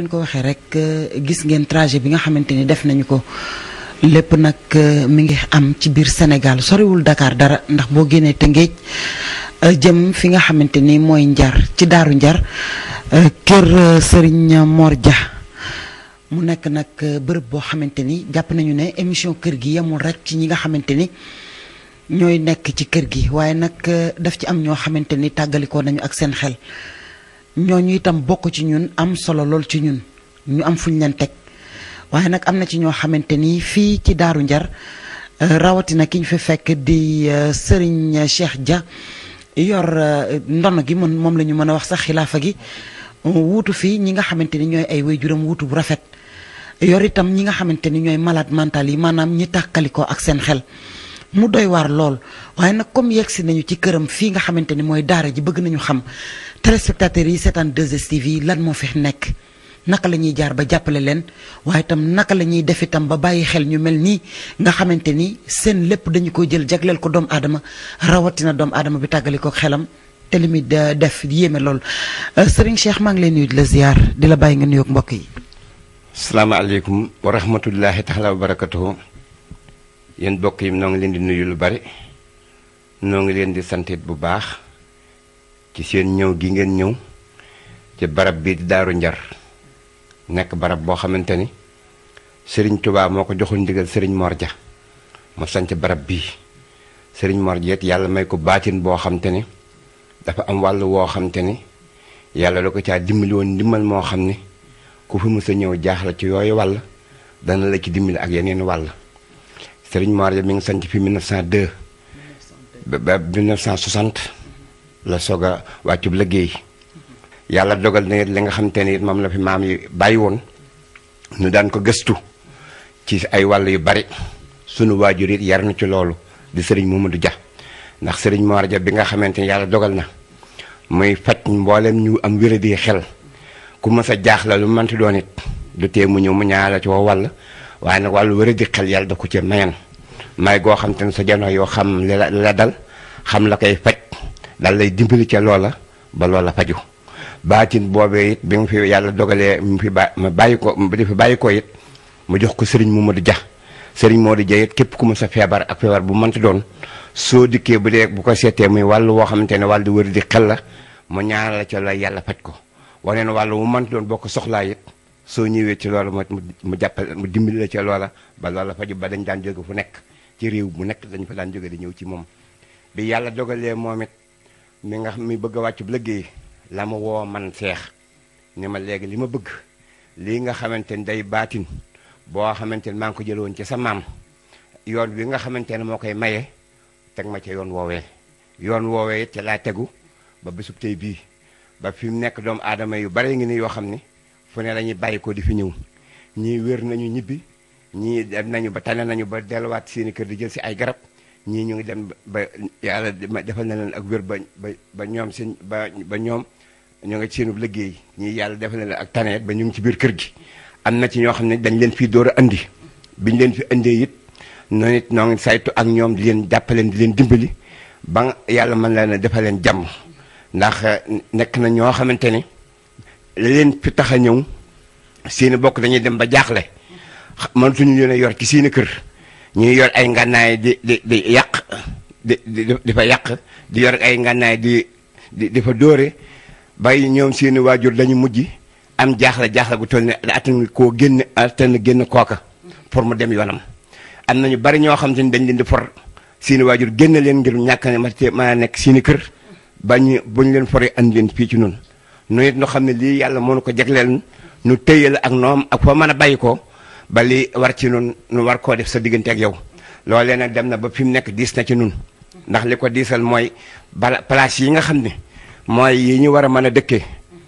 leen ko waxee rek euh, gis ngeen trajet bi nga xamante ni def nañu ko lépp nag euh, mi ngi am ci biir Sénégal soriwul Dakar dara ndax boo génnee Tëngéej euh, jëm fi nga xamante ni mooy Njar ci Daaru Njar kër Serigne Mor ja mu nekk nag bërëb boo xamante ni jàpp nañu ne émission kër gi yemul rek ci ñi nga xamante ni ñooy nekk ci kër gi waaye nag def ci am ñoo xamante ni tàggalikoo nañu ak seen xel. ñooñu itam bokk ci ñun am solo lool ci ñun ñu am fuñ leen teg waaye nag am na ci ñoo xamante nii fii ci Daaru Njar euh, rawatina ki ñu fi fekk di euh, sëriñ Cheikh Dia yor euh, ndono gi mën moom la ñu mën a wax sax xilaafa gi wuutu fii ñi nga xamante ni ñooy ay waajuram wuutu bu rafet yor itam ñi nga xamante ni ñooy malaat mental yi maanaam ñi tàkkalikoo ak seen xel mu doy waar lool waaye nag comme yegsi nañu ci këram fii nga xamante ni mooy daara ji bëgg nañu xam téléspectateurs yi seetaan 2STV lan moo fi nekk naka la ñuy jaar ba jàppale leen waaye itam naka la ñuy def itam ba bàyyi xel ñu mel nii nga xamante ni seen lépp dañu ko jël jagleel ko doomu aadama rawatina doomu aadama bi tàggali ko xelam te li muy def yéeme lool euh, Serigne Cheikh maa ngi lay nuyu la ziar di la bàyyi nga nuyoog mbokk yi. salaamaaleykum wa rahmatullahi tax la barakatuhu yéen mbokk yi noo ngi leen di nuyu lu bari noo ngi leen di santit bu baax. ci seen ñëw gi ngeen ñëw ci barab bii di daaru njar nekk barab boo xamante ni sëriñ Tuubaa moo ko joxul ndigal sëriñ Mor Dia mu sanc barab bii sëriñ Mor Dia yàlla may ko baatin boo xamante ni dafa am wàll woo xamante ni yàlla la ko caa dimbali woon ndimbal moo xam ni ku fi mu a ñëw jaaxle ci yooyu wàll dana la ci dimbali ak yeneen wàll sëriñ Mor Dia mi ngi sanc fi 1902 ba 1960 la soog a wàccub liggéey yàlla dogal na li nga xamante ni moom la fi maam yi bàyyi woon ñu daan ko gëstu ci ay wàll yu bari sunu waajur yit yar na ci loolu di sëriñ du Dia ndax sëriñ Mor Dia bi nga xamante ni yàlla dogal na muy faj mboolem ñu am wéradi xel ku mës a la lu mënti doon it du tee mu ñëw mu ñaala ci woo wàll waaye nag wàllu wéradi xel yàlla da ko ci mayan may goo xam te ne sa jano xam la la dal xam la koy faj daal lay dimbali ca loola ba loola faju baatin boobee it bi mu fi yàlla dogalee mu fi ba ma bàyyi ko ba dafa bàyyi ko it mu jox ko sëriñ Momadou Dia sëriñ Momadou Dia it képp ku ma sa feebar ak feebar bu mënti doon soo dikkee bu dee bu ko seetee muy wàllu woo xamante ne wàllu wër di xel la mu ñaanal ca la yàlla faj ko wane ne wàllu mu mënti doon boo soxlaa it soo ñëwee ci loola mu jàppale mu dimbali la ca loola ba loola faju ba dañ daan jóge fu nekk ci réew mu nekk dañ fa daan jóge di ñëw ci moom bi yàlla dogalee moom it mi nga xam mi bëgg a wàcc bu liggéey la ma woo man seex ni ma léegi li ma bëgg lii nga xamante ni day baatin boo xamante ni maa ngi ko jëloon ci sa maam yoon wi nga xamante ne moo koy maye teg ma ca yoon woowee yoon woowee te laa tegu ba bésub tey bii ba fi mu nekk doomu aadama yu bare ngi ni yoo xam ne fu ne lañuy bàyyi ko di fi ñëw ñii wér nañu ñibbi ñii dem nañu ba tane nañu ba delluwaat seeni kër di jël si ay garab ñii ñu ngi dem ba yàlla defal na leen ak wér ba ba ñoom seen ba ba ñoom ñoo ngi ci seenub liggéey ñii yàlla defal leen ak taneet ba ñu ci biir kër gi am na ci ñoo xam ne dañ leen fii door a andi biñ leen fi andee it noonu it noo ngi ak ñoom di leen jàppaleen di leen dimbali ba nga yàlla mën la ne defal leen jàmm ndax eh, nekk na ñoo xamante ne la leen tax a ñëw seeni bokk dañuy dem ba jaaxle mënatuñu leen a yor ci seeni kër ñuy yor ay ngannaay di di yàq di di fa yàq di yor ay ngànnaay di di di fa dóore bay ñoom seeni waajur dañu mujj am jaaxle jaaxle gu toll ne attan koo génn génn kooka pour mu dem yoonam am nañu bari ñoo xam te ni dañ leen di for seeni waajur génn leen ngir ñàkk ne ma te nekk seeni kër ñu buñ leen for andi leen fii ci noonu nu it ñu xam ne lii yàlla moo nu ko jagleel nu téye la ak noom ak fa mën a bàyyi ko ba li war ci nun nu war koo def sa diggante ak yow loolee nag dem na ba fi mu nekk diis na ci nun ndax li ko diisal mooy bala place yi nga xam ni mooy yi ñu war a mën a dëkkee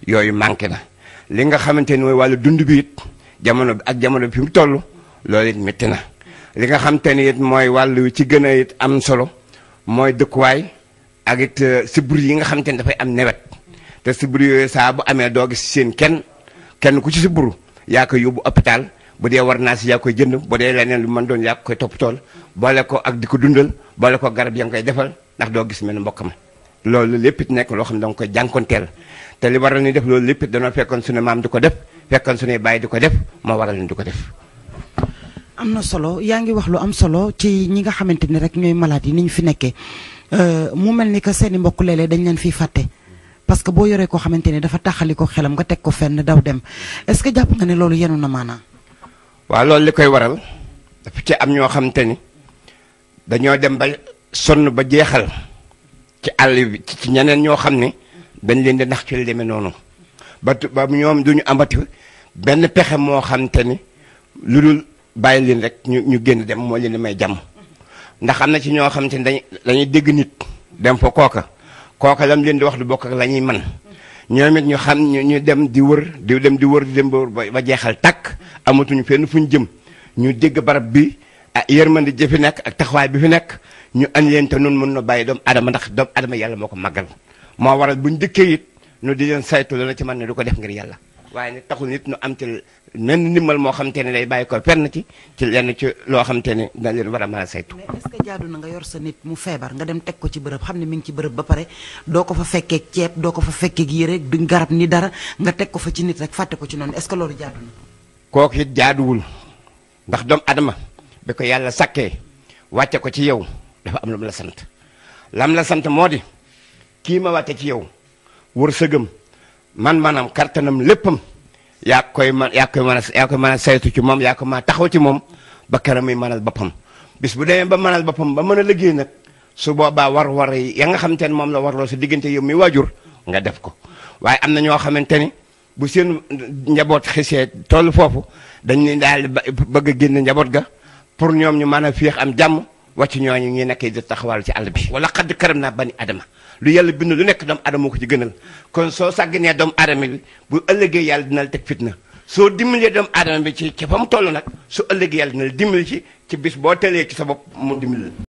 yooyu manqué na li nga xamante ni mooy wàllu dund bi it jamono bi ak jamono bi fi mu toll loolu it métti na li nga xam te ni it mooy wàllu ci gën a yit am solo mooy dëkkuwaay ak it euh, sibur yi nga xamante ni dafay am nawet te sibur yooyu saa bu amee doo gis seen kenn kenn ku ci siburu yaa yóbbu hôpital bu dee war naa si yaa koy jënd bu dee leneen lu mën doon yaa koy topp tool boole ko ak di ko dundal boole ko garab yaa ngi koy defal ndax doo gis mel ne mbokkam loolu lépp it nekk loo xam ne danga koy te li waral ni def loolu lépp it danoo fekkoon suñu maam di ko def fekkoon suñuy bàyyi di ko def moo waral ni di ko def am na solo yaa ngi wax lu am solo ci ñi nga xamante ni rek ñooy malade yi ni ñu fi nekkee euh, mu mel ni que seeni mbokk léeg dañ leen fiy fàtte parce que boo yoree koo xamante ni dafa taxali ko xelam nga teg ko fenn daw dem est-ce que jàpp nga ne loolu yenu na maanaam waa loolu li koy waral dafa ci am ñoo xam ni dañoo dem ba sonn ba jeexal ci àll bi ci ñeneen ñoo xam ne dañ leen di nax ci li demee noonu ba ba ñoom du ñu amati benn pexe moo xam te ni lu dul bàyyi leen rek ñu ñu génn dem moo leen di may jàmm ndax am na ci ñoo xam te ni dañuy dañuy dégg nit dem fa kooka kooka lam leen di wax lu bokk ak la ñuy man ñoom it ñu xam ñu dem di wër di dem di wër di dem ba ba jeexal takk amatuñu fenn fuñ jëm ñu dégg barab bi ah yërmande ji fi nekk ak taxawaay bi fi nekk ñu añ leen te nun mën na bàyyi doomu adama ndax doomu adama yàlla moo ko màggal moo waral buñ dëkkee it ñu di leen saytu la ci mën ne du ko def ngir yàlla waaye nag taxul nit nu am ci nan moo xam te ne day bàyyi ko fenn ci ci lenn ci loo xam te ne dina leen war a mën a na nga yor sa nit mu feebar nga dem teg ko ci bërëb xam ne mi ngi ci bërëb ba pare doo ko fa fekkee ceeb doo ko fa fekkee yére du garab ni dara nga teg ko fa ci nit rek fàtte ko ci noonu est-ce que loolu jaadu na. kooku jaaduwul ndax doomu adama bi ko yàlla sakkee wàcce ko ci yow dafa am lu mu la sant lam la sant moo di kii ma wàcce ci yow wërsëgam. man maanaam kartanam léppam yaa koy man yaa koy mën a yaa koy mën a saytu ci moom yaa ko mën a taxaw ci moom ba keroog muy mënal boppam bis bu demee ba mënal boppam ba mën a liggéey nag su boobaa war-war yi ya nga xamante ne moom la warloo si diggante yow mi waajur nga def ko waaye am na ñoo xamante ni bu seen njaboot xisee toll foofu dañ ne daal bëgg a génn njaboot ga pour ñoom ñu mën a féex am jàmm. wax wàcc ñooñu ñuy nekk di taxawal ci àll bi wala xadd karam naa bani adama lu yàlla bind lu nekk doomu adama moo ko ci gënal kon soo sàgganee doomu adama bi bu ëllëgee yàlla dina la teg fitna soo dimbalee doomu adama bi ci ca fa mu toll nag su ëllëgee yàlla dina la dimbali ci ci bis boo telee ci sa bopp mu dimbali